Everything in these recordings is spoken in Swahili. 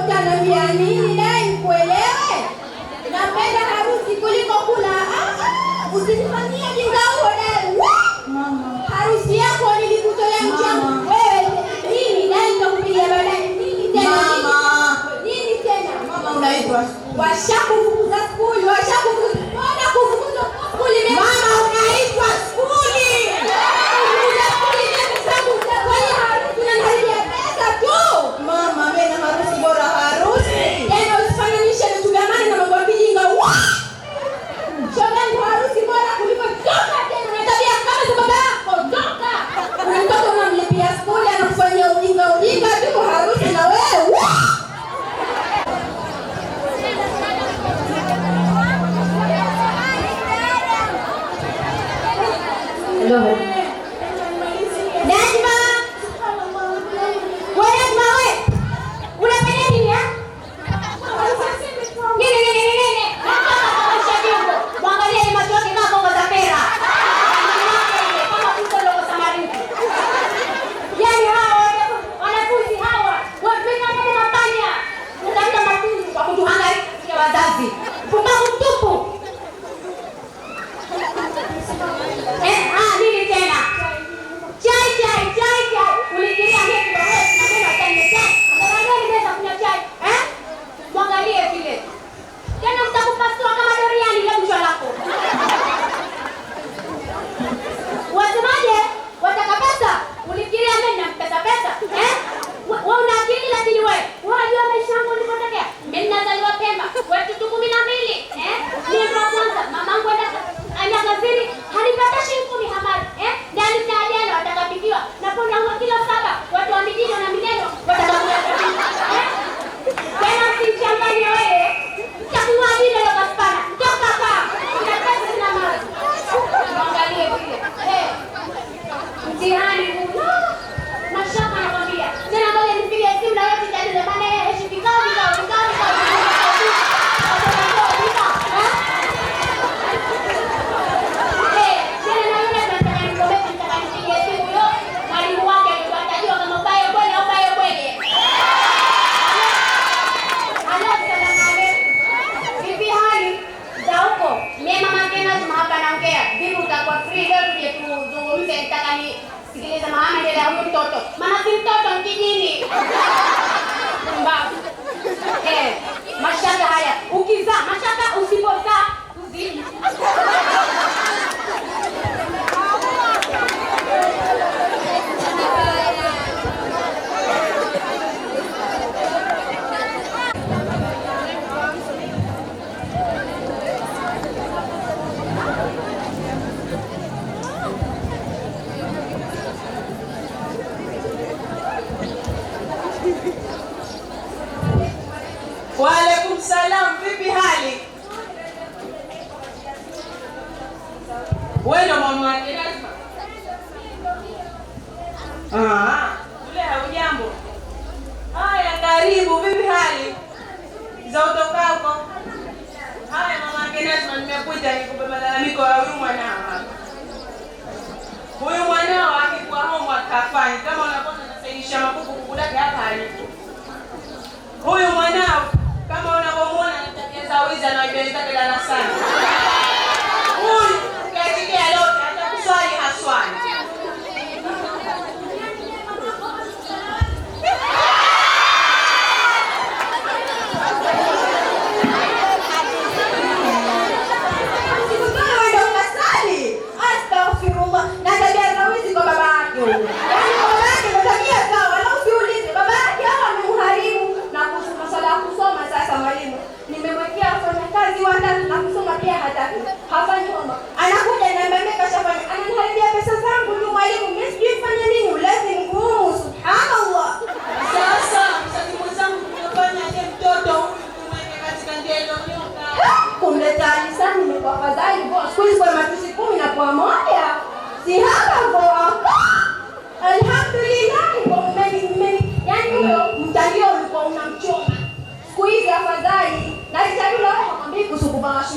utaniamini dai nikuelewe. Napenda harusi kuliko kula. Usinifanyie jinga huo dai. Harusi yako nilikutolea mchango. Wewe nini dai nitakupigia baadaye. Nini tena? Mama unaitwa. Washaku pia vipi utakuwa free leo tuje tuzungumze, nitaka ni sikiliza maana ya huyu mtoto, maana si mtoto mjini eh, mashaka haya ukizaa mashaka usipozaa uzidi Wewe mama yake lazima. Eh? Ah, yule hujambo. Haya, karibu vipi hali? Za utokako. Haya mama yake lazima nimekuja nikupe malalamiko ya huyu mwanao. Huyu mwanao akikuwa homework afanye kama unapo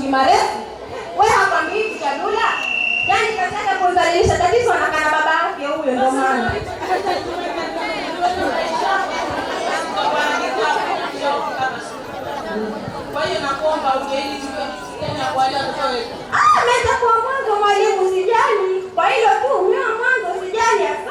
milima refu. Wewe hakwambii kuchagula yaani, kataka kudhalilisha. Tatizo anakaa na baba yake huyo, ndio maana meza kuwa ah, mwanzo mwalimu, sijali kwa hiyo tu, mia mwanzo sijali.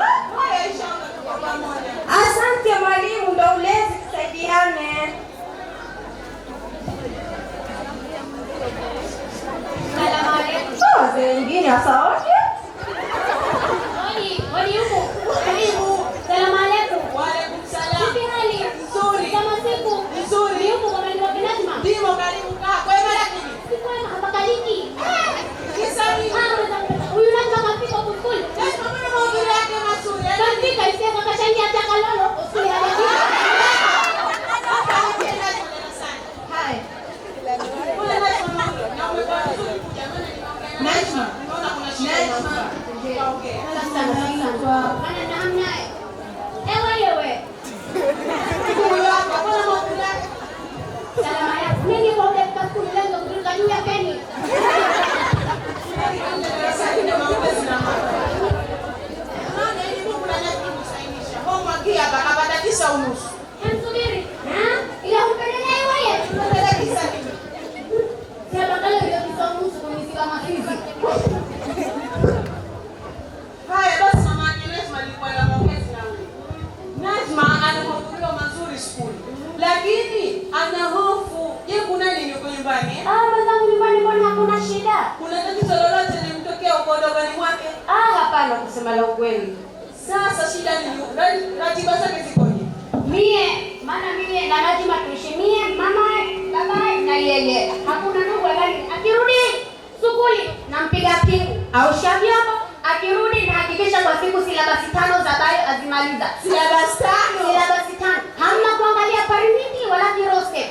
Hapana, kusema la ukweli. Sasa shida ni ratiba zake zikoje? Mie maana mie na lazima tuishi mie, mama baba na yeye, hakuna ndugu gani. Akirudi sukuli nampiga pingu au shavyao, akirudi na hakikisha kwa siku silabasi tano za bayo azimaliza. Silabasi tano, silabasi tano, hamna kuangalia parimiti wala kirose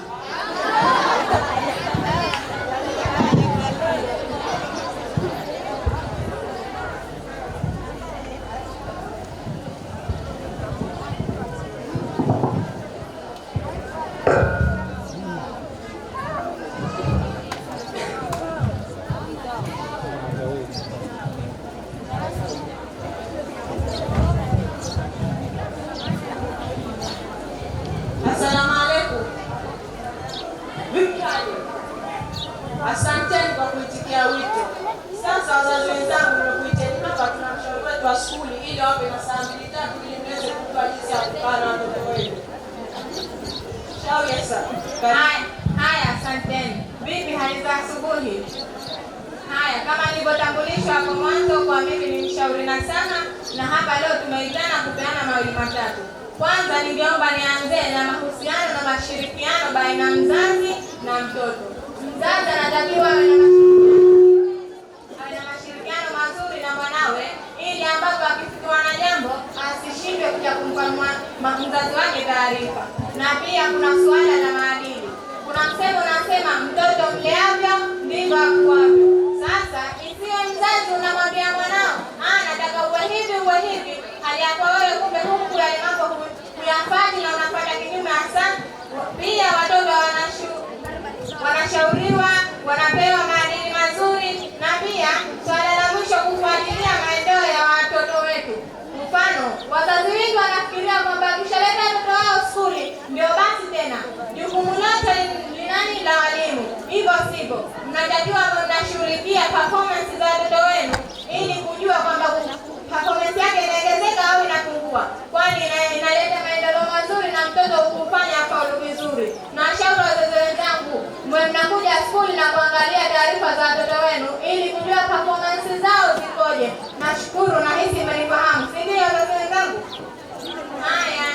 Haya, oh, asanteni. Vipi hali za asubuhi? Haya, kama nilivyotambulishwa hapo mwanzo, kwa mimi ni mshauri na sana, na hapa leo tumeitana kupeana mawili matatu. Kwanza ningeomba nianze na mahusiano na mashirikiano baina mzazi na mtoto. Mzazi anatakiwa hivyo, mnatakiwa mnashughulikia performance za watoto wenu ili kujua kwamba performance yake inaongezeka au inapungua, kwani inaleta maendeleo mazuri na mtoto kufanya faulu vizuri. Na washauri wazazi wenzangu, mnakuja skuli na kuangalia taarifa za watoto wenu ili kujua performance zao zikoje. Nashukuru na hisi menifahamu, si ndio wazazi wenzangu? Haya.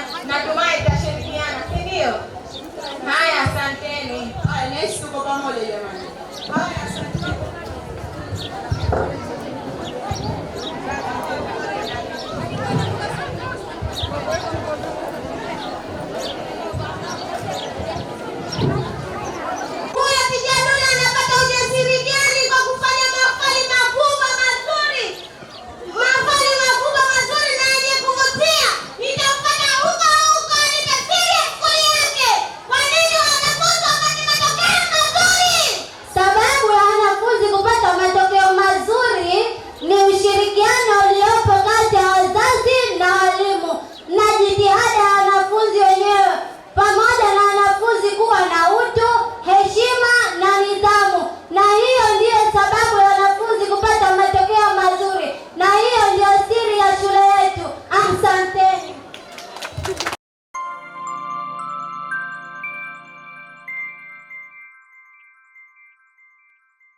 yo,